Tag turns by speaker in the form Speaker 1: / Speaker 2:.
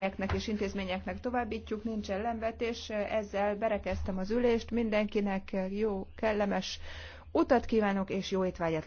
Speaker 1: intézményeknek és intézményeknek továbbítjuk, nincs ellenvetés. Ezzel berekeztem az ülést, mindenkinek jó, kellemes utat kívánok, és jó étvágyat